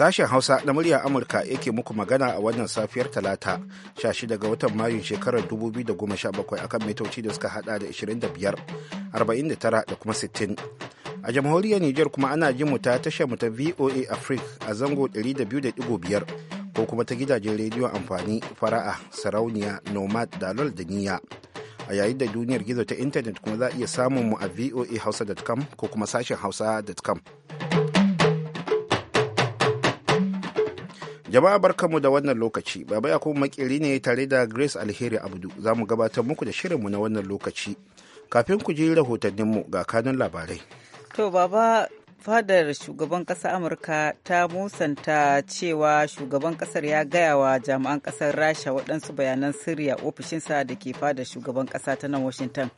Sashen Hausa na murya Amurka yake muku magana a wannan safiyar Talata 16 ga watan Mayun shekarar 2017 akan mitoci da suka hada da 25, 49 da kuma 60. A jamhuriyar Nijar kuma ana jin mu ta tashar mu ta VOA Africa a zango 200.5 ko kuma ta gidajen rediyon amfani fara'a sarauniya nomad dalol da niyya. a yayin da duniyar gizo ta intanet kuma za a iya samun mu a voa hausa.com ko kuma sashen hausa.com. jama'a barkanmu da wannan lokaci baba ya kuma makiri ne tare da grace alheri abdu za mu gabatar muku da shirinmu na wannan lokaci kafin ku ji rahotanninmu ga kanun labarai to baba fadar shugaban ƙasa amurka ta musanta cewa shugaban ƙasar ya gaya wa jami'an ƙasar rasha waɗansu bayanan sirri a ofishinsa da ke fadar shugaban ƙasa ta nan washington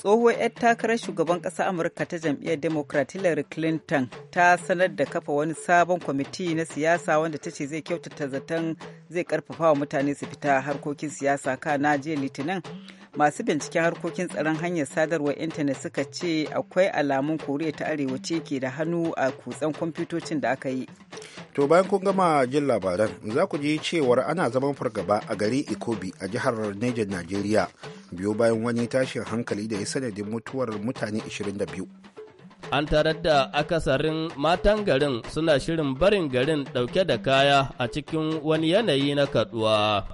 tsohuwar 'yar takarar shugaban ƙasa amurka ta jam'iyyar democrat hillary clinton ta sanar da kafa wani sabon kwamiti na siyasa wanda ta ce zai kyautata zaton zai karfafa wa mutane su fita harkokin siyasa ka na jiya litinin masu binciken harkokin tsaron hanyar sadarwar intanet suka ce akwai alamun koriya ta arewa ce ke da hannu a kutsan kwamfutocin da aka yi to bayan kun gama jin labaran za ku ji cewar ana zaman fargaba a gari ikobi a jihar niger najeriya biyo bayan wani tashin hankali da ya sanadin mutuwar mutane 22 an tarar da akasarin matan garin suna shirin barin garin ɗauke da kaya a cikin wani yanayi na kaduwa.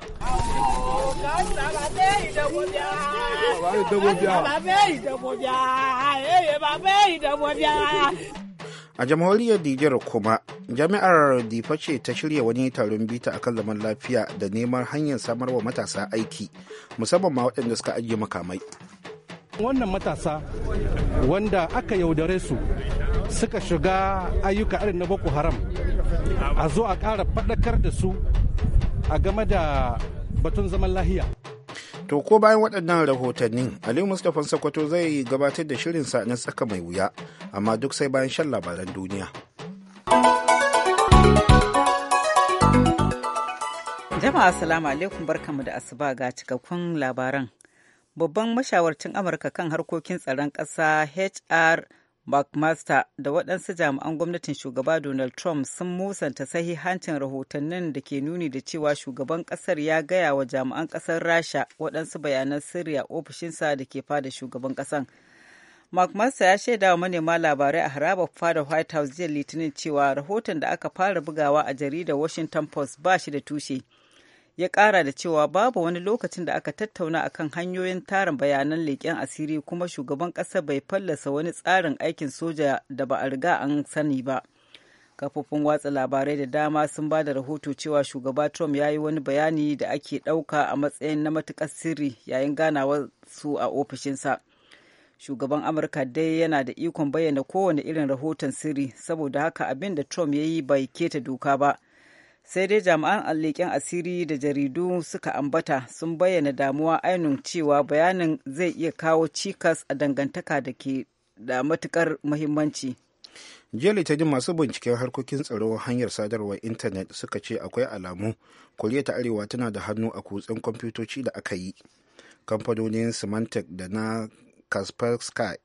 A jamhuriyar Dijar kuma, jami'ar Difa ce ta shirya wani taron bita akan zaman lafiya da neman hanyar samarwa matasa aiki, musamman ma waɗanda suka ajiye makamai. wannan matasa wanda aka yaudare su suka shiga ayyuka irin na boko haram a zo a ƙara faɗakar da su a game da batun zaman lahiya to ko bayan waɗannan rahotanni aliyu mustapha sokoto zai gabatar da shirinsa na tsaka mai wuya amma duk sai bayan shan labaran duniya jama'a assalamu alaikum barkamu da asuba ga cikakkun labaran babban mashawarcin amurka kan harkokin tsaron ƙasa hr mcmaster da waɗansu jami'an gwamnatin shugaba donald trump sun musanta sahihancin rahotannin da ke nuni da cewa shugaban ƙasar ya gaya wa jami'an ƙasar rasha waɗansu bayanan sirri a ofishinsa da ke fada shugaban ƙasan mcmaster ya shaida wa manema labarai a harabar fada white house jiya litinin cewa rahoton da aka fara bugawa a jaridar washington post ba shi da tushe ya ƙara da cewa babu wani lokacin da aka tattauna a kan hanyoyin tarin bayanan leƙen asiri kuma shugaban ƙasa bai fallasa wani tsarin aikin soja da ba a riga an sani ba. kafofin watsa labarai da dama sun ba da rahoto cewa shugaba trump ya yi wani bayani da ake ɗauka a matsayin na matuƙar sirri yayin ganawar su a ofishinsa shugaban amurka dai yana da ikon bayyana kowane irin rahoton sirri saboda haka abin da trump ya yi bai keta doka ba sai dai jami'an leƙen asiri da jaridu suka ambata sun bayyana damuwa ainun cewa bayanin zai iya kawo cikas a dangantaka da ke da matukar muhimmanci jiya litinin masu binciken harkokin tsaro hanyar sadarwar intanet suka ce akwai alamu koriya ta arewa tana da hannu a kutsen kwamfutoci da aka yi kamfanonin symantec da na kaspersky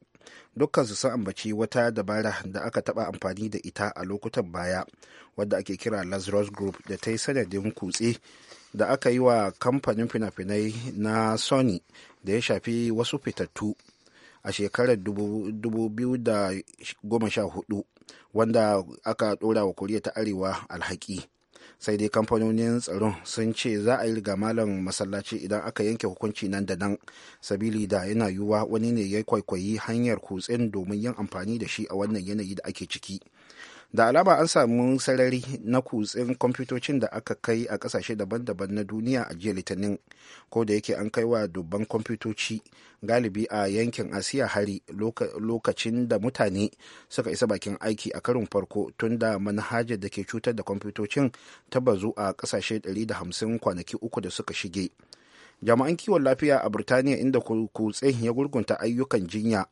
su san ambaci wata dabara da aka taɓa amfani da ita a lokutan baya wadda ake kira lazarus group da ta yi sanadin kutse da aka yi wa kamfanin fina-finai na sony da ya shafi wasu fitattu a shekarar 2014 wanda aka ɗora wa kuriya ta arewa alhaki sai dai kamfanonin tsaron sun ce za a yi riga malam masallaci idan aka yanke hukunci nan da nan sabili da yana yiwuwa wani ne ya kwaikwayi hanyar kutsen domin yin amfani da shi a wannan yanayi da ake ciki. da alama an samu sarari na kutsin kwamfutocin da aka kai a kasashe daban-daban na duniya a jiya litinin ko da yake an kai wa dubban kwamfutoci galibi a yankin asiya hari lokacin da mutane suka isa bakin aiki a karin farko tun da manhajar da ke cutar da kwamfutocin ta bazu a kasashe 150 kwanaki uku da suka shige jami'an kiwon lafiya a burtaniya inda kutsin ya gurgunta ayyukan jinya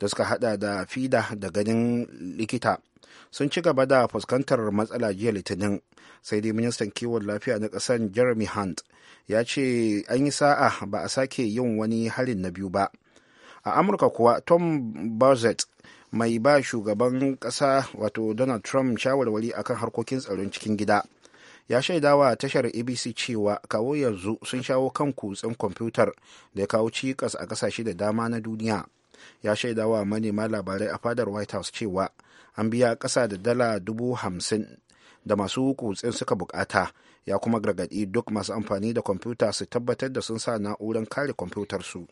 da suka hada da fida da ganin likita sun ci gaba da fuskantar matsala jiya litinin sai dai ministan kiwon lafiya na ƙasar jeremy hunt ya ce an yi sa'a ba a sake yin wani harin na biyu ba a amurka kuwa tom buzzett mai ba shugaban ƙasa wato donald trump shawarwari akan harkokin tsaron cikin gida ya shaidawa tashar abc cewa kawo yanzu sun shawo kan kutsen kwamfutar da ya kawo cikas a kasashe da dama na duniya ya shaidawa manema labarai a fadar white house cewa an biya ƙasa da dala dubu hamsin da masu kutsen suka bukata ya kuma gargaɗi duk masu amfani da kwamfuta su tabbatar da sun sa na'urar kare kwamfutarsu.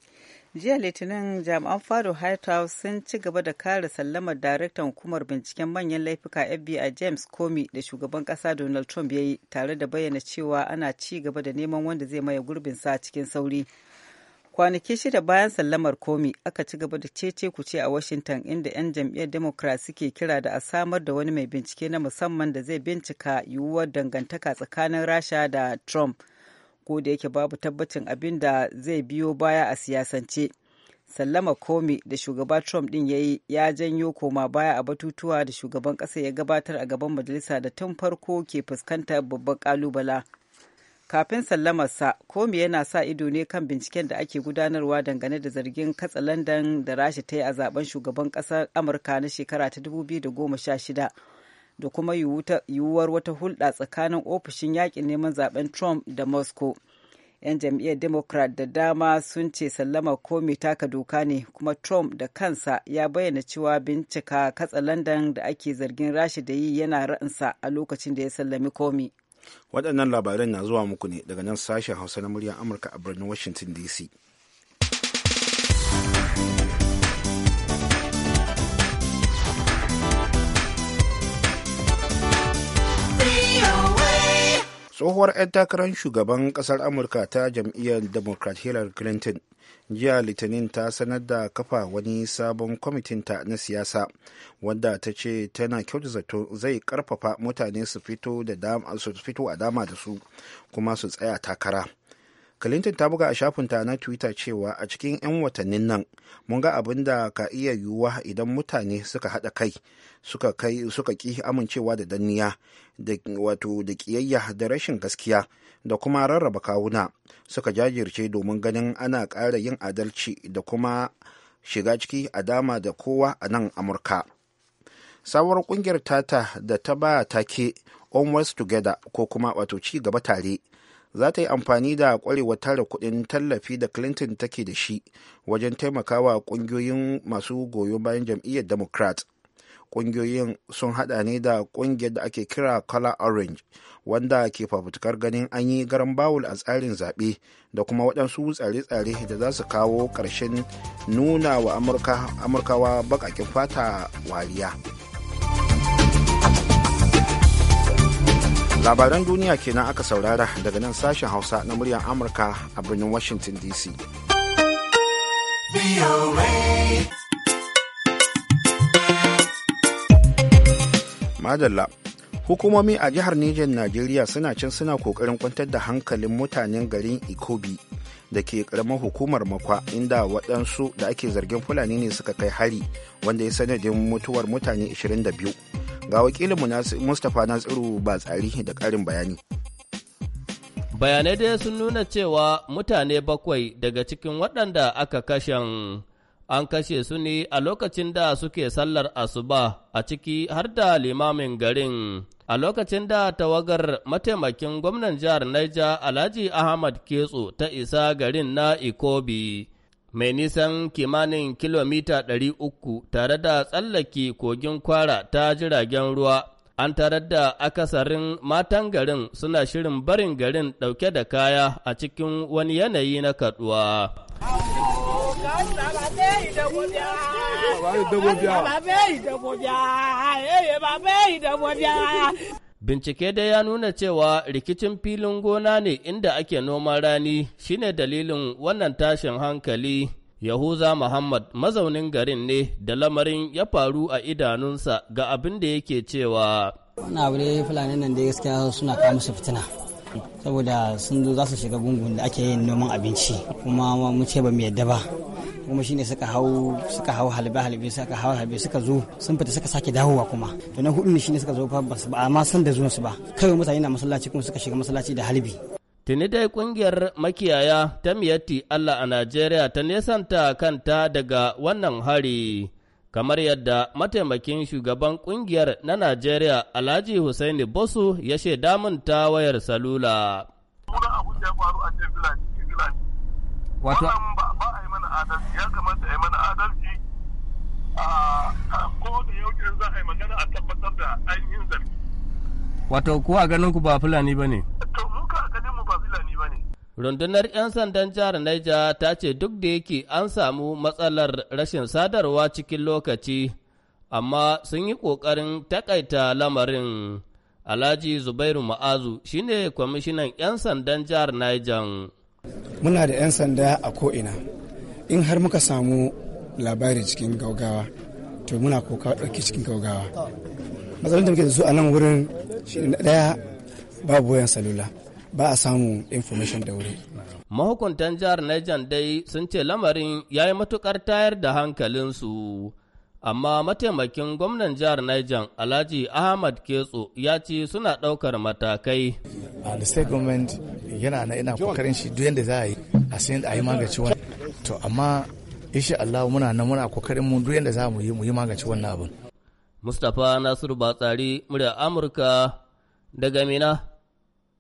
jiya litinin jami'an fado white house sun ci gaba da kare sallamar daraktan hukumar binciken manyan laifuka fbi james comey da shugaban kasa donald trump ya yi tare da bayyana cewa ana ci gaba da neman wanda zai maye gurbinsa cikin sauri kwanaki shida bayan sallamar komi aka ci gaba da cece ku ce a washington inda 'yan jam'iyyar democrat suke kira da a samar da wani mai bincike na musamman da zai bincika yiwuwar dangantaka tsakanin rasha da trump ko da yake babu tabbacin abin da zai biyo baya a siyasance sallama komi da shugaba trump din yayi ya janyo koma baya a batutuwa da shugaban ƙasa ya gabatar a gaban majalisa da tun farko ke fuskantar babban ƙalubala. kafin sallamarsa komi yana sa ido ne kan binciken da ake gudanarwa dangane da zargin katsa London da rasha ta yi a zaben shugaban kasar amurka na shekara ta 2016 da kuma yiwuwar wata hulɗa tsakanin ofishin yakin neman zaben trump da moscow 'yan jam'iyyar democrat da dama sun ce sallamar komi taka doka ne kuma trump da kansa ya bayyana cewa bincika katsa London da ake zargin rasha da yi yana ra'insa a lokacin da ya sallami komi waɗannan labaran na zuwa muku ne daga nan sashen hausa na muryar amurka a birnin washington dc tsohuwar 'yan takarar shugaban kasar amurka ta jam'iyyar democrat hillary clinton jiya litinin ta sanar da kafa wani sabon kwamitin ta na siyasa wadda ta ce tana kyauta zato zai karfafa mutane su fito a dama da su kuma su tsaya takara clinton ta buga a shafinta na twitter cewa a cikin 'yan watannin nan mun ga abin da ka iya yiwuwa idan mutane suka haɗa kai suka kai suka ki amincewa da danniya da wato da ƙiyayya da rashin gaskiya da kuma rarraba kawuna suka jajirce domin ganin ana ƙara yin adalci da kuma shiga ciki a dama da kowa a nan amurka sabuwar kungiyar tata da ta ba take onwards together ko kuma wato ci gaba tare za ta yi amfani da kwarewar tara kudin tallafi da clinton take da shi wajen taimakawa kungiyoyin masu goyon bayan jam'iyyar democrat kungiyoyin sun hada ne da kungiyar da ake kira color orange wanda ke fafutukar ganin an yi garan bawul a tsarin zaɓe da kuma waɗansu tsare-tsare da za su kawo ƙarshen nuna wa amurkawa baƙaƙen fata wariya. labaran duniya kenan aka saurara daga nan sashen hausa na muryar amurka a birnin washington dc madalla hukumomi a jihar Nijar Najeriya suna can suna kokarin kwantar da hankalin mutanen garin Ikobi da ke karamar hukumar makwa inda waɗansu da ake zargin Fulani ne suka kai hari wanda ya sanadin mutuwar mutane 22. Ga wakilinmu Mustapha Nasiru tsari da ƙarin bayani. Bayanai dai sun nuna cewa mutane bakwai daga cikin waɗanda aka kashen an kashe su ne a lokacin da suke sallar asuba a ciki har da limamin garin. A lokacin da tawagar mataimakin gwamnan jihar Niger Alhaji Ahmad Ketso ta isa garin na Ikobi, mai nisan kimanin kilomita 300 tare da tsallake kogin kwara ta jiragen ruwa an tare da akasarin matan garin suna shirin barin garin ɗauke da kaya a cikin wani yanayi na kaduwa. Bincike dai ya nuna cewa rikicin filin gona ne inda ake noman rani shine dalilin wannan tashin hankali. Yahuza Muhammad mazaunin garin ne da lamarin ya faru a idanunsa ga abin da yake cewa. Wani abu dai fulani nan dai gaskiya suna kawo musu fitina. Saboda sun zo za su shiga gungun da ake yin noman abinci kuma mu ce ba mu yadda ba. kuma shi ne suka hau suka hau halbe halbe suka hau halbe suka zo sun fita suka sake dawowa kuma to na hudu ne ne suka zo fa ba amma san da zuwan su ba kawai mutane na masallaci kuma suka shiga masallaci da halbi Tuni dai kungiyar makiyaya ta miyatti Allah a Najeriya ta nesanta kanta daga wannan hari, kamar yadda mataimakin shugaban kungiyar na Najeriya Alhaji hussein Bosu ya shaida mun ta wayar salula. da ya faru a wato ba a yi mana adalci ya kamata a yi mana adalci a ko da yau za a yi magana a tabbatar da ainihin zargi wato ko a ganin ku ba fulani ba ne to mu ka ganin mu ba fulani ba ne rundunar 'yan sandan jihar Niger ta ce duk da yake an samu matsalar rashin sadarwa cikin lokaci amma sun yi ƙoƙarin takaita lamarin Alhaji Zubairu Ma'azu shine kwamishinan 'yan sandan jihar Niger. Muna da 'yan sanda a ko'ina. In har muka samu labari cikin gaugawa, to muna koka ɗauki cikin gaugawa. Matsalolin da muke zuwa su wurin shi wurin ɗaya babu wayan salula, ba a samu information da wuri. Mahukuntan jihar Niger dai sun ce lamarin ya yi matukar tayar da hankalinsu. amma mataimakin gwamnan jihar Niger Alhaji Ahmad Ketso ya ce suna ɗaukar matakai. Ah, the state government yana na ina kokarin shi duk yadda za a yi a sayan a yi magance wani. To amma insha Allah muna nan muna kokarin mu duk yadda za mu yi mu yi magance wannan abin. Mustapha Nasiru Batsari murya Amurka daga Mina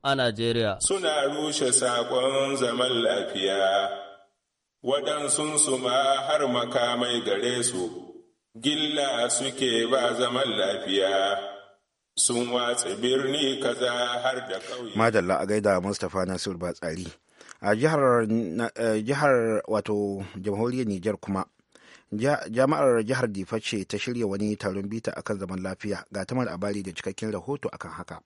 a Najeriya. Suna rushe saƙon zaman lafiya waɗansu ma har makamai gare su. gilla suke ba zaman lafiya sun watsa birni kaza har da ƙauye. Madalla a gaida Mustapha Nasiru Batsari. A jihar eh, wato jamhuriyar Nijar kuma jama'ar jihar Difa ce ta shirya wani taron bita akan zaman lafiya ga tamar labari da cikakken rahoto akan haka.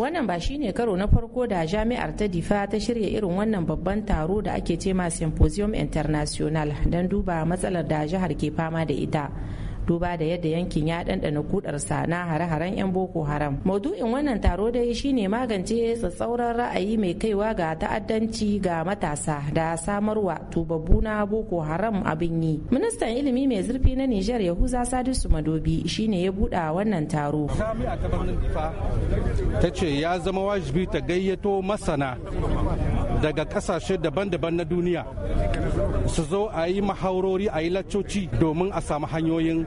wannan ba shine karo na farko da jami'ar ta difa ta shirya irin wannan babban taro da ake cema symposium international don duba matsalar da jihar ke fama da ita duba da yadda yankin ya ɗanɗana kudarsa na hare-haren 'yan boko haram maudu'in wannan taro dai shine magance tsatsauran ra'ayi mai kaiwa ga ta'addanci ga matasa da samarwa tubabbu na boko haram abin yi ministan ilimi mai zurfi na nijar yahuza sadisu madobi shine ya buɗa wannan taro ta ce ya zama wajibi ta gayyato masana daga kasashe daban-daban na duniya su zo a yi mahaurori a yi laccoci domin a samu hanyoyin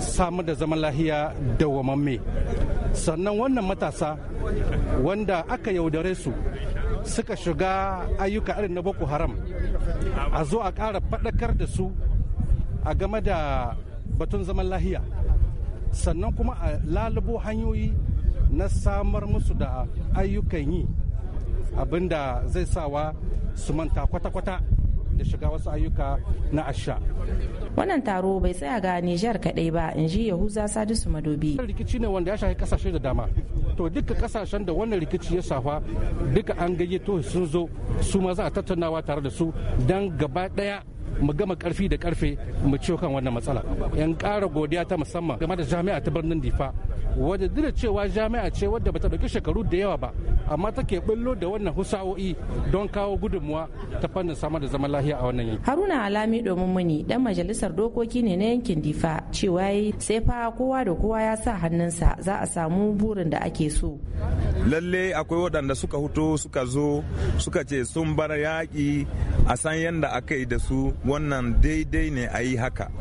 samu da zaman lahiya dawwamamme sannan wannan matasa wanda aka yaudare su suka shiga ayyuka irin na boko haram a zo a ƙara faɗakar da su a game da batun zaman lahiya sannan kuma a lalubo hanyoyi na samar musu da ayyukan yi abin da zai sawa su manta kwata-kwata da shiga wasu ayyuka na asha. Wannan taro bai tsaya ga Nijar kaɗai ba, in ji Yahuza Sadisu Madobi. Rikici ne wanda ya shafi kasashe da dama. To duka kasashen da wannan rikici ya shafa duka an gayyato sun zo su ma za a tattaunawa tare da su don gaba ɗaya mu gama karfi da karfe mu ciwo kan wannan matsala. Yan ƙara godiya ta musamman game da jami'a ta birnin Difa wadda duk cewa jami'a ce wadda bata ɗauki shekaru da yawa ba amma take bullo da wannan husa'o'i don kawo gudunmuwa ta fannin samar da zaman lahiya a wannan yanki. Haruna Alami domin muni dan majalisar dokoki ne na yankin Difa cewa sai fa kowa da kowa ya sa hannunsa za a samu burin da ake so. Lalle akwai waɗanda suka huto suka zo suka ce sun bar yaki a san yadda aka yi da su wannan daidai ne a yi haka.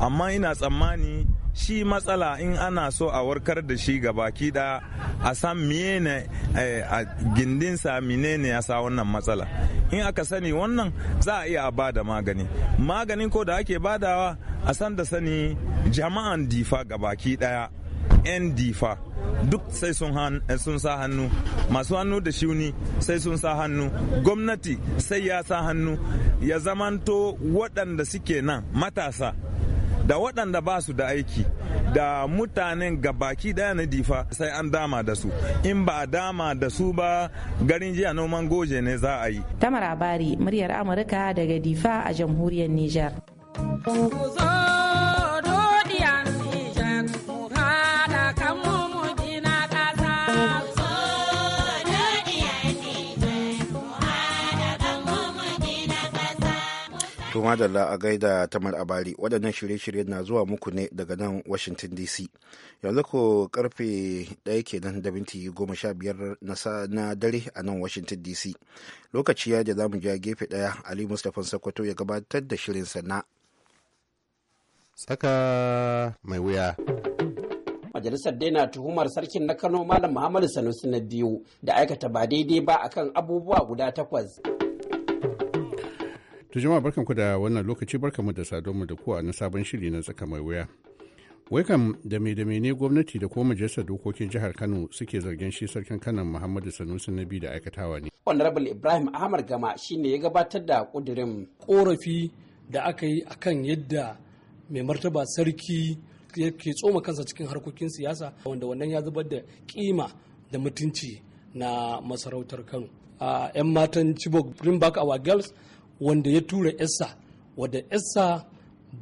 Amma ina tsammani shi matsala in ana so a warkar da shi ga baki da a san ne eh, a gindinsa menene ya sa wannan matsala in aka sani wannan za a iya ba da magani maganin ko da ake badawa a san da sani jama'an difa ga baki daya 'yan difa duk sai eh, sun sa hannu masu hannu da shuni sai sun sa hannu gwamnati sai ya sa hannu ya zamanto waɗanda suke nan matasa da waɗanda ba su da aiki da mutanen baki daya na difa sai an dama da su in ba a dama da su ba garin jiya noman goje ne za a yi tamar abari muryar amurka daga difa a jamhuriyar niger To madalla a gaida tamar abari waɗannan shirye shiryen na zuwa muku ne daga nan Washington DC. Yanzu ko karfe ɗaya kenan da minti goma sha biyar na dare a nan Washington DC. Lokaci ya da za mu ja gefe ɗaya Ali Mustapha sakwato ya gabatar da shirin sana. saka mai wuya. majalisar daina tuhumar sarkin na kano malam muhammadu sanusi na biyu da aikata ba daidai ba akan abubuwa guda takwas To jama'a ku da wannan lokaci mu da mu da ku a na sabon shiri na tsaka mai wuya. Wai kam da me da ne gwamnati da ko majalisar dokokin jihar Kano suke zargin shi sarkin Kano Muhammadu Sanusi na biyu da aikatawa ne. Honorable Ibrahim Ahmad Gama shine ya gabatar da kudirin korafi da aka yi akan yadda mai martaba sarki yake tsoma kansa cikin harkokin siyasa wanda wannan ya zubar da kima da mutunci na masarautar Kano. a 'yan matan Chibok Greenback Awa our girls wanda ya tura yarsa wadda yarsa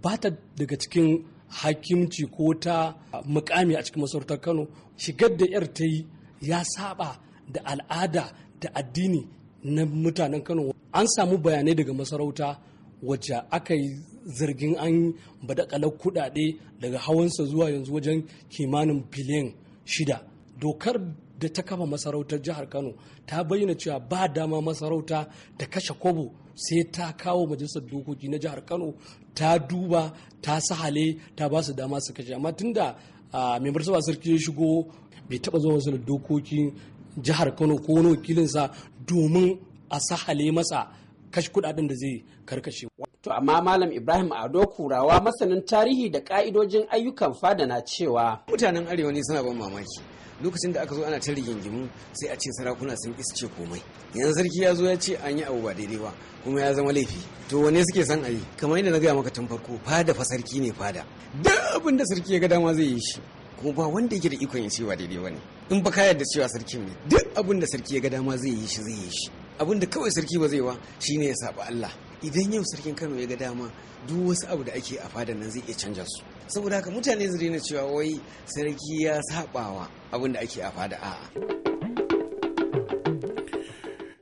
ba ta daga cikin hakimci ko ta mukami a cikin masarautar kano shigar da yar ta yi ya saba da al'ada da addini na mutanen kano an samu bayanai daga masarauta wacce aka yi zargin an badakalar kudade daga hawansa zuwa yanzu wajen kimanin biliyan shida dokar da ta kafa masarautar jihar kano ta bayyana cewa ba dama masarauta ta kashe kobo sai ta kawo majalisar dokoki na jihar kano ta duba ta sahale ta ba su dama su kashe amma tunda mai martaba sarki ya shigo bai taba zuwa wasu dokokin jihar kano ko wani wakilinsa domin a sahale masa kashe kudaden da zai karkashe To amma Malam Ibrahim Ado Kurawa masanin tarihi da ka'idojin ayyukan fada na cewa. Mutanen Arewa ne suna ban mamaki. lokacin da aka zo ana ta rigingimu sai a ce sarakuna sun isce komai yanzu sarki ya zo ya ce an yi abu ba daidai ba kuma ya zama laifi to wane suke san a yi kamar yadda na gaya maka tun farko fada fa sarki ne fada duk abin da sarki ya ga dama zai yi shi kuma ba wanda yake da ikon ya ba daidai ba ne in ba ka yarda cewa sarkin ne duk abin da sarki ya ga dama zai yi shi zai yi shi abin da kawai sarki ba zai wa shine ya saba Allah idan yau sarkin Kano ya ga dama duk wasu abu da ake a fadar nan zai iya canja su saboda haka mutane su daina cewa wai sarki ya sabawa abin da ake a fada a'a.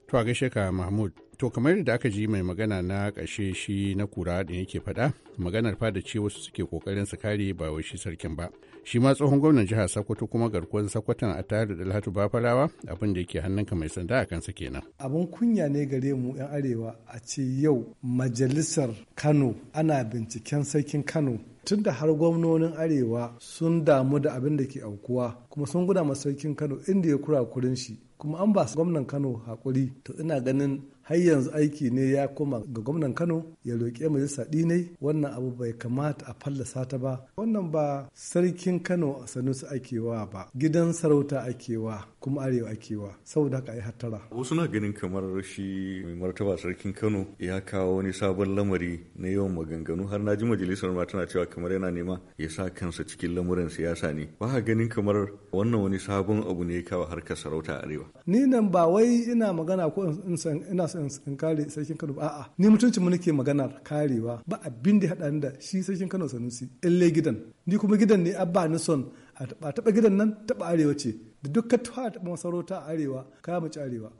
To a gaishe ka Mahmud to kamar yadda aka ji mai magana na ƙashe shi na kura da yake faɗa maganar fada ce wasu suke kokarin su kare ba wai shi sarkin ba shi ma tsohon gwamnan jihar sokoto kuma garkuwar sokoton a tare da dalhatu bafarawa abin da yake hannunka mai sanda a kansa kenan abin kunya ne gare mu yan arewa a ce yau majalisar kano ana binciken sarkin kano tun da har gwamnonin arewa sun damu da abin da ke aukuwa kuma sun guda masarkin kano inda ya kura kurin shi kuma an ba gwamnan kano haƙuri to ina ganin har yanzu aiki ne ya koma ga gwamnan kano ya roƙe majalisa ne. wannan abu bai kamata a fallasa ta ba wannan ba sarkin kano a su ake wa ba gidan sarauta ake wa kuma arewa ake wa saboda haka ai hattara wasu na ganin kamar shi mai martaba sarkin kano ya kawo wani sabon lamari na yawan maganganu har na ji majalisar ma tana cewa kamar yana nema ya sa kansa cikin lamuran siyasa ne ba ganin kamar wannan wani sabon abu ne ya kawo harkar sarauta arewa ni nan ba wai ina magana ko ina son in kare sarkin Kano a'a ni mutuncin mu nake magana karewa ba abin da hada da shi sarkin Kano Sanusi elle gidan ni kuma gidan ne abba ni son a taba gidan nan taba arewa ce da dukkan taba masarauta arewa ka mu arewa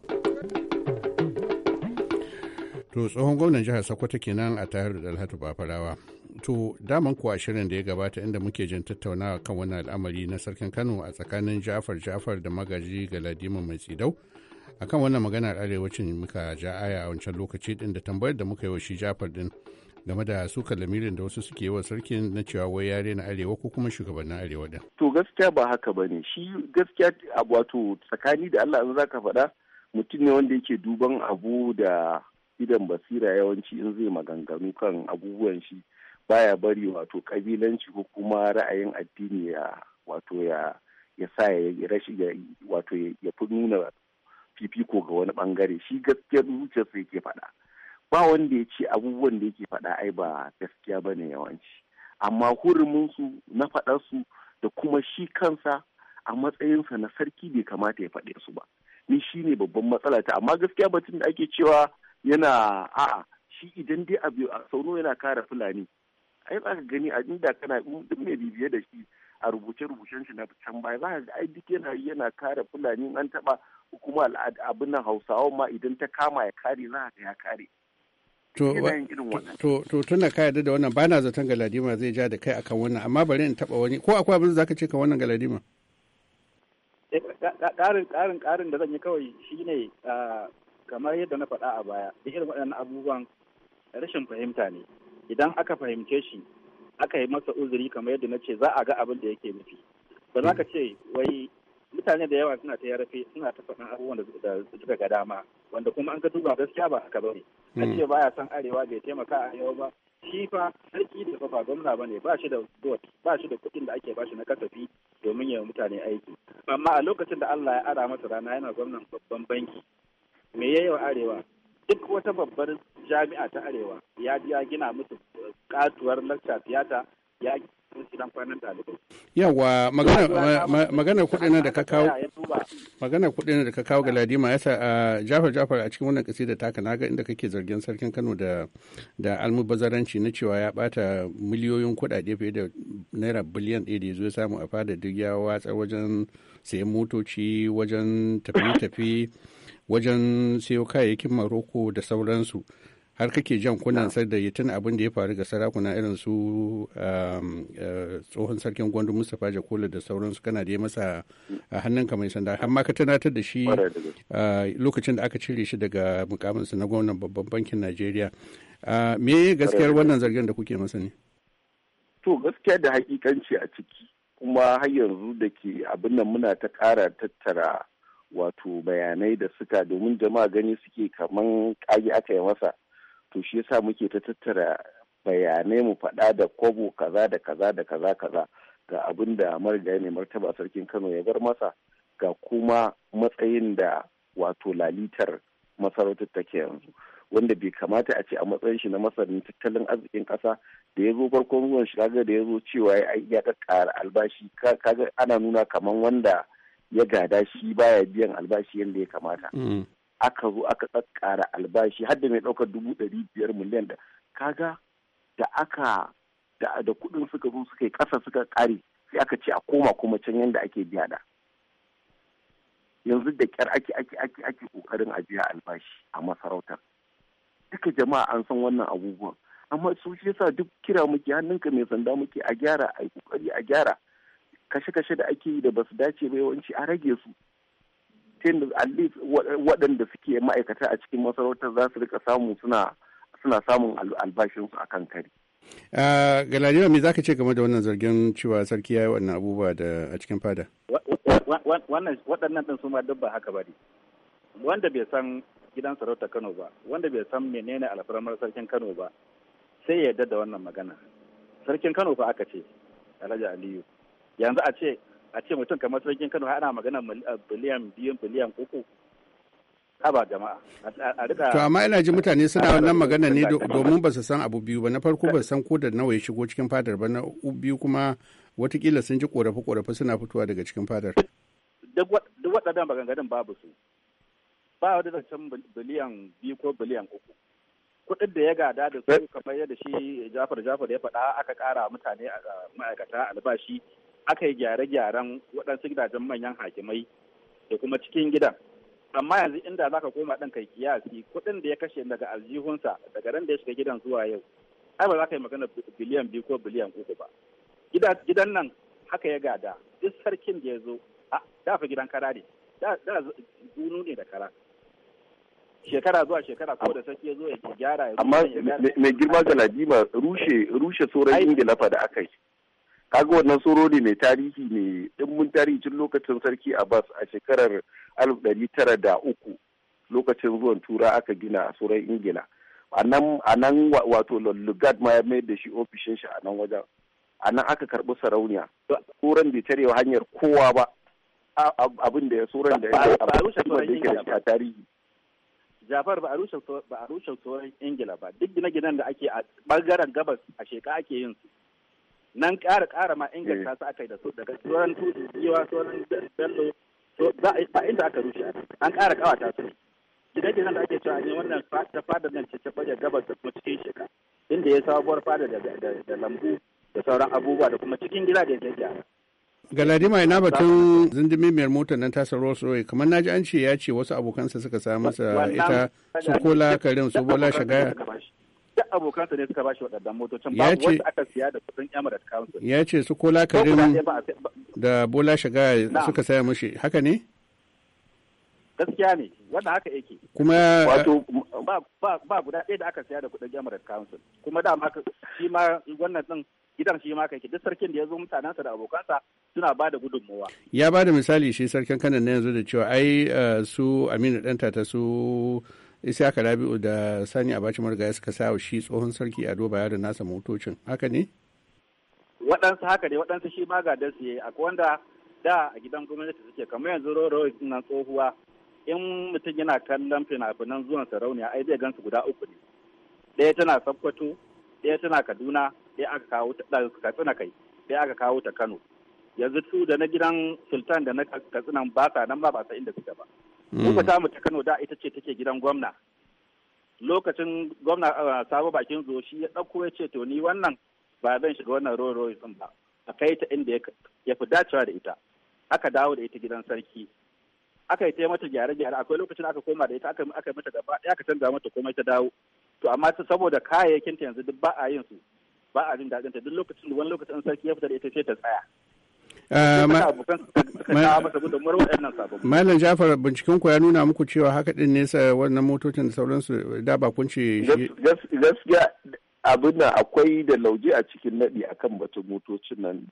to tsohon gwamnan jihar sokoto kenan a tare da Alhatu bafarawa to daman kuwa shirin da ya gabata inda muke jin tattaunawa kan wani al'amari na sarkin kano a tsakanin jafar jafar da magaji galadima mai tsidau akan wannan maganar arewacin muka ja aya a wancan lokaci din da tambayar da muka yi wa shi jafar din game da su lamirin da wasu suke wa sarkin na cewa wai yare na arewa ko kuma shugabannin arewa din. to gaskiya ba haka ba ne shi gaskiya wato tsakani da allah in za ka faɗa mutum ne wanda yake duban abu da idan basira yawanci in zai maganganu kan abubuwan shi baya bari wato kabilanci ko kuma ra'ayin addini ya wato ya ya sa ya rashi ya wato ya fi nuna fifiko ga wani bangare shi gaskiya zuciyar sai yake faɗa ba wanda ya ce abubuwan da yake faɗa ai ba gaskiya ba ne yawanci amma huruminsu na su da kuma shi kansa a matsayinsa na sarki bai kamata ya faɗe su ba ni shi ne babban matsala ta amma gaskiya batun da ake cewa yana a'a shi idan dai a sauno yana kara fulani ai za ka gani a inda kana duk mai bibiye da shi a rubuce-rubucen shi na can baya za ka ga ai duk yana yana kara fulani an taba kuma abin nan hausawa ma idan ta kama ya kare za ka ya kare to to ka yarda da wannan bana zaton galadima zai ja da kai akan wannan amma bari in taba wani ko akwai abin da zaka ce ka wannan galadima eh, ƙarin ƙarin karin da zan yi kawai shine ah, kamar yadda na faɗa a baya da irin waɗannan abubuwan rashin fahimta ne idan aka fahimce shi aka yi masa uzuri kamar yadda na ce za a ga abin da yake nufi ba za ka ce wai mutane da yawa suna ta yarafe suna ta faɗin abubuwan da suka ga dama wanda kuma an ka duba gaskiya ba haka bane hmm. a ce baya san arewa bai taimaka a arewa ba shi fa sarki da ba gwamna bane ba shi da bot ba shi da kuɗin da ake ba shi na kasafi domin ya mutane aiki amma a lokacin da Allah ya ara masa rana yana gwamnan babban banki me yayi wa arewa duk wata babbar jami'a ta arewa ya biya gina musu eh, katuwar lakta tiyata ya dan maganar yawa kuɗin da ka kawo da ka kawo ga ladima yasa a jafar jafar a cikin wannan kasida taka naga inda kake zargin sarkin kano da da almubazaranci na cewa ya bata miliyoyin kuɗaɗe fiye da naira biliyan ɗaya da ya zo samu a fada duk ya watsa wajen sayan motoci wajen tafi-tafi wajen sayo kayayyakin maroko da sauransu har kake jan kunan sai da yatin abin da ya faru ga sarakuna irin su um, eh, tsohon sarkin gwandu mustapha jakola da sauransu kana da ya masa a hannun kamar sanda amma ka tunatar da shi uh, lokacin da aka cire shi daga mukaminsa na gwamnan babban bankin najeriya uh, me gaskiyar wannan zargin da kuke masa ne to gaskiya da hakikanci a ciki kuma har yanzu da ke abin nan muna ta kara tattara wato bayanai da suka domin jama'a gani suke kaman kage aka yi masa to shi yasa muke ta tattara bayanai mu faɗa da kwabo kaza da kaza da kaza kaza ga abin da marigayi ne martaba sarkin kano ya bar masa ga kuma matsayin da wato lalitar masarautar take yanzu wanda bai kamata a ce a matsayin shi na masanin tattalin arzikin kasa da ya zo farkon zuwan shi kaga da ya zo cewa ya kara albashi kaga ana nuna kaman wanda ya gada shi baya biyan albashi yadda ya kamata mm. aka zo aka tsakkara albashi hadda mai ɗaukar dubu ɗari biyar miliyan da kaga da aka da da kuɗin suka zo suka yi ƙasa suka ƙare sai aka ce a koma kuma can yadda ake biya da yanzu da ƙyar ake ake ake ake ƙoƙarin a biya albashi a masarautar duka jama'a an san wannan abubuwan amma su shi yasa duk kira muke hannunka mai sanda muke a gyara a yi ƙoƙari a gyara kashe-kashe da ake yi da basu dace ba yawanci a rage su ta yadda at least waɗanda suke ma'aikata a cikin masarautar za su rika samu suna suna samun albashinsu a kan kari. Galadima me zaka ce game da wannan zargin cewa sarki ya yi wannan abubuwa da a cikin fada? Waɗannan ɗin su ma duk haka ba ne. Wanda bai san gidan sarauta Kano ba, wanda bai san menene alfarmar sarkin Kano ba, sai ya yarda da wannan magana. Sarkin Kano fa aka ce, Alhaji Aliyu. Yanzu a ce a ce mutum kamar sarkin kano ana magana eh, biliyan biyu biliyan uku ba jama'a to amma ina ji mutane suna wannan magana ne domin ba su san abu biyu ba na farko ba san ko da nawa ya shigo cikin fadar ba na biyu kuma watakila sun ji korafi korafi suna fitowa daga cikin fadar duk waɗannan maganganun babu su ba wanda zai can biliyan biyu ko biliyan uku kuɗin da ya gada da su kamar yadda shi jafar jafar ya faɗa aka ƙara mutane a ma'aikata albashi aka yi gyare-gyaren waɗansu gidajen manyan hakimai da kuma cikin gidan amma yanzu inda ka koma ɗan kai kiyasi kuɗin da ya kashe daga aljihunsa daga ran da ya shiga gidan zuwa yau ai ba za ka yi magana biliyan biyu ko biliyan uku ba gidan nan haka ya gada duk sarkin da ya zo a dafa gidan kara ne da zunu ne da kara shekara zuwa shekara ko da sarki ya zo ya gyara ya amma mai girma galadima rushe rushe tsoron ingila fa da aka yi kaga wannan tsoro ne mai tarihi ne mun tarihi tun lokacin sarki abbas a shekarar alif ɗari tara da uku lokacin zuwan tura aka gina a tsoron ingila a nan wato lullugat ma ya mayar da shi ofishin shi a nan wajen a nan aka karɓi sarauniya tsoron bai tare hanyar kowa ba abin da ya tsoron da ya da shi a tarihi Jafar ba a rushe tsoron ingila ba duk gine-ginen da ake a ɓangaren gabas a sheka ake yin su nan ƙara ƙara ma inganta eh. su aka yi da su daga tsoron tutu tuwa tsoron bello a inda aka rushe an ƙara ƙawata su gidan gidan da ake cewa ne wannan ta fada nan ce baje gabas da kuma cikin shekara inda ya sabuwar fada da lambu da sauran abubuwa da kuma cikin gida da ya gyara galadima ina batun zindimimiyar motar nan ta rolls royce kamar naji an ce ya ce wasu abokansa suka sa masa ita su kola karin su bola shagaya abokansa ne suka bashi waɗannan motocin ba wanda aka siya da kudin Emirates Council. Ya ce su Kola karin da Bola Shiga suka saya mushi haka ne? Gaskiya ne wanda haka yake. Kuma wato ba guda ɗaya da aka siya da kudin Emirates Council kuma da ma shi ma wannan din gidan shi ma kake duk sarkin da ya zo mutanensa da abokansa suna ba da gudunmuwa. Ya ba da misali shi sarkin kanan na yanzu da cewa ai eh, su Aminu ɗan tata su aka rabi'u da sani abaci marigaya suka sa shi tsohon sarki a doba da nasa motocin haka ne waɗansu haka ne waɗansu shi ma ga dasu yi akwai wanda da a gidan gwamnati suke kamar yanzu roro na tsohuwa in mutum yana kallon fina-finan zuwan sarauniya ai zai gansu guda uku ne ɗaya tana sabkwato ɗaya tana kaduna ɗaya aka kawo ta katsina kai ɗaya aka kawo ta kano yanzu su da na gidan sultan da na katsinan ba sa nan ba ba sa inda suke ba Muka mm. tamu ta Kano da ita ce take gidan gwamna. Lokacin gwamna uh, sabo bakin zo shi ya ɗauko ya ce to ni wannan ba zan shiga wannan Rolls Royce ɗin ba. A kai ta inda ya fi dacewa da ita. Aka dawo da ita gidan sarki. Aka yi ta mata gyare-gyare akwai lokacin aka koma da ita aka yi mata gaba ɗaya aka canza mata komai ta dawo. To amma saboda kayayyakin ta yanzu duk ba a yin su ba a jin daɗin ta duk lokacin da wani lokacin sarki ya fita da ita sai ta tsaya. Eh, Malam Jafar binciken ku ya nuna muku cewa haka din nesa wannan motocin da sauransu da ba ce gaskiya abin da akwai da lauje a cikin nadi akan batun motocin nan.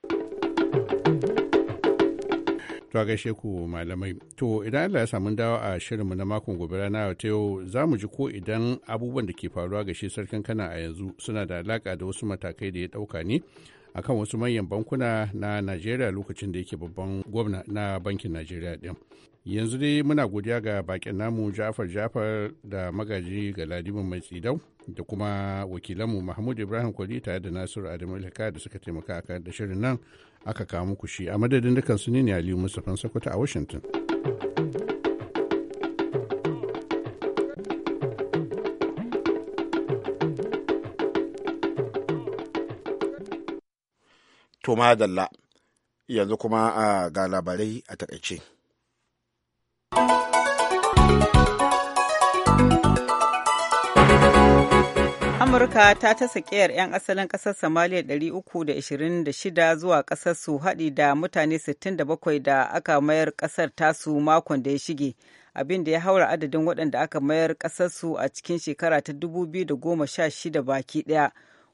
to a gaishe ku malamai to idan Allah ya samu dawo a shirinmu na makon gobe rana ta yau za mu ji ko idan abubuwan da ke faruwa ga shi sarkin kana a yanzu suna da alaka da wasu matakai da ya ɗauka ne akan wasu manyan bankuna na najeriya lokacin da yake babban gwamna na bankin najeriya din yanzu dai muna godiya ga bakin namu jafar jafar da magaji ga ladimin mai tsidau da kuma wakilanmu mahmud ibrahim kwali tare da nasiru adamu ilhaka da suka taimaka a da shirin nan aka kawo muku shi a madadin dukansu ne ne aliyu mustapha sokoto a washington to Dalla yanzu kuma a ga labarai a takaice amurka ta ta sakiyar 'yan asalin kasar da 326 zuwa kasar su haɗi da mutane 67 da aka mayar ƙasar tasu makon da ya shige abin da ya haura adadin waɗanda aka mayar ƙasarsu a cikin shekara ta 2016 baki ɗaya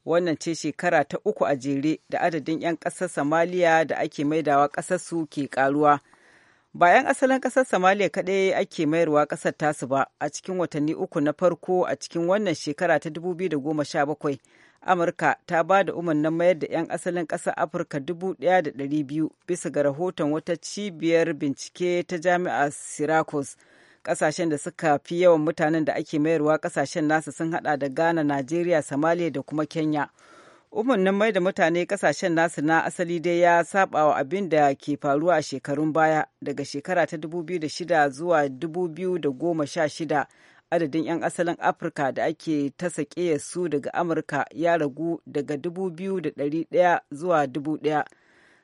wannan ce shekara ta uku a jere da adadin 'yan ƙasar Somalia da ake maidawa ƙasarsu ke ƙaruwa ba 'yan asalin ƙasar Somalia kaɗai ake mayarwa ƙasar tasu ba a cikin watanni uku na farko a cikin wannan shekara ta 2017 amurka ta ba da umarnin mayar da 'yan asalin ƙasar afirka 1,200 bisa ga rahoton wata cibiyar bincike ta jami'ar syracuse Ƙasashen da suka fi yawan mutanen da ake mayarwa ƙasashen nasu sun hada da Ghana, Najeriya, Somalia da kuma Kenya. Umarnin mai da mutane ƙasashen nasu na asali dai ya saba wa abin da ke faruwa a shekarun baya daga shekara ta 2006 zuwa 2016 adadin 'yan asalin Afirka da ake ta su daga Amurka ya ragu daga 2,100 zuwa 1,000.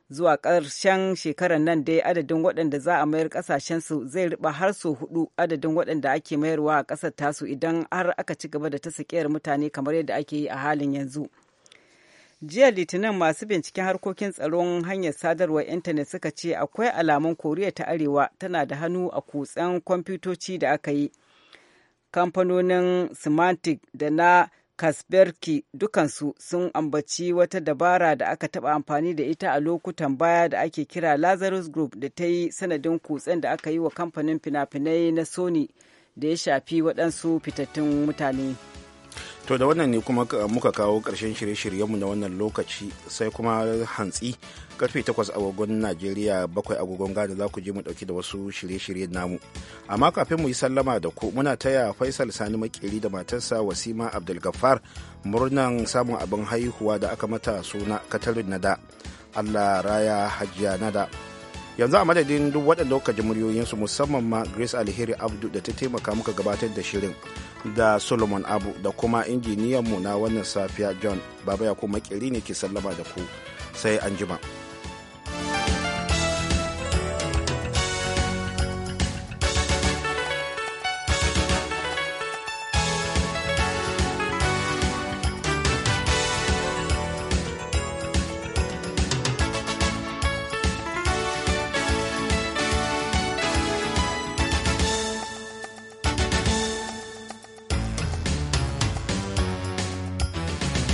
zuwa ƙarshen shekarar nan dai adadin waɗanda za a mayar ƙasashensu zai riba har sau hudu adadin waɗanda ake mayarwa a ƙasar tasu idan har aka ci gaba da ta sakiyar mutane kamar yadda ake yi a halin yanzu jiya litinin masu binciken harkokin tsaron hanyar sadarwar intanet suka ce akwai alamun koriya ta arewa tana da hannu a kutsen kwamfutoci da aka yi kamfanonin semantic da na kasperki dukansu sun ambaci wata dabara da aka taɓa amfani da ita a lokutan baya da ake kira lazarus group da ta yi sanadin kutsen da aka yi wa kamfanin fina-finai na sony da ya shafi waɗansu fitattun mutane. To da wannan ne kuma muka kawo ƙarshen shirye-shiryenmu na wannan lokaci sai kuma hantsi karfe 8 agogon Najeriya 7 agogon Ghana za ku je mu ɗauki da wasu shirye-shiryen namu. Amma kafin mu yi sallama da ku muna taya Faisal Sani Makeri da matarsa Wasima abdulgafar murnan samun abin haihuwa da aka mata suna katalin Nada. Allah raya hajiya nada. yanzu a madadin duk waɗanda kuka ji muryoyinsu musamman ma grace alheri abdu da ta taimaka muka gabatar da shirin da solomon abu da kuma injiniyan mu na wannan safiya john baba ya makiri ne ke sallama da ku sai anjima.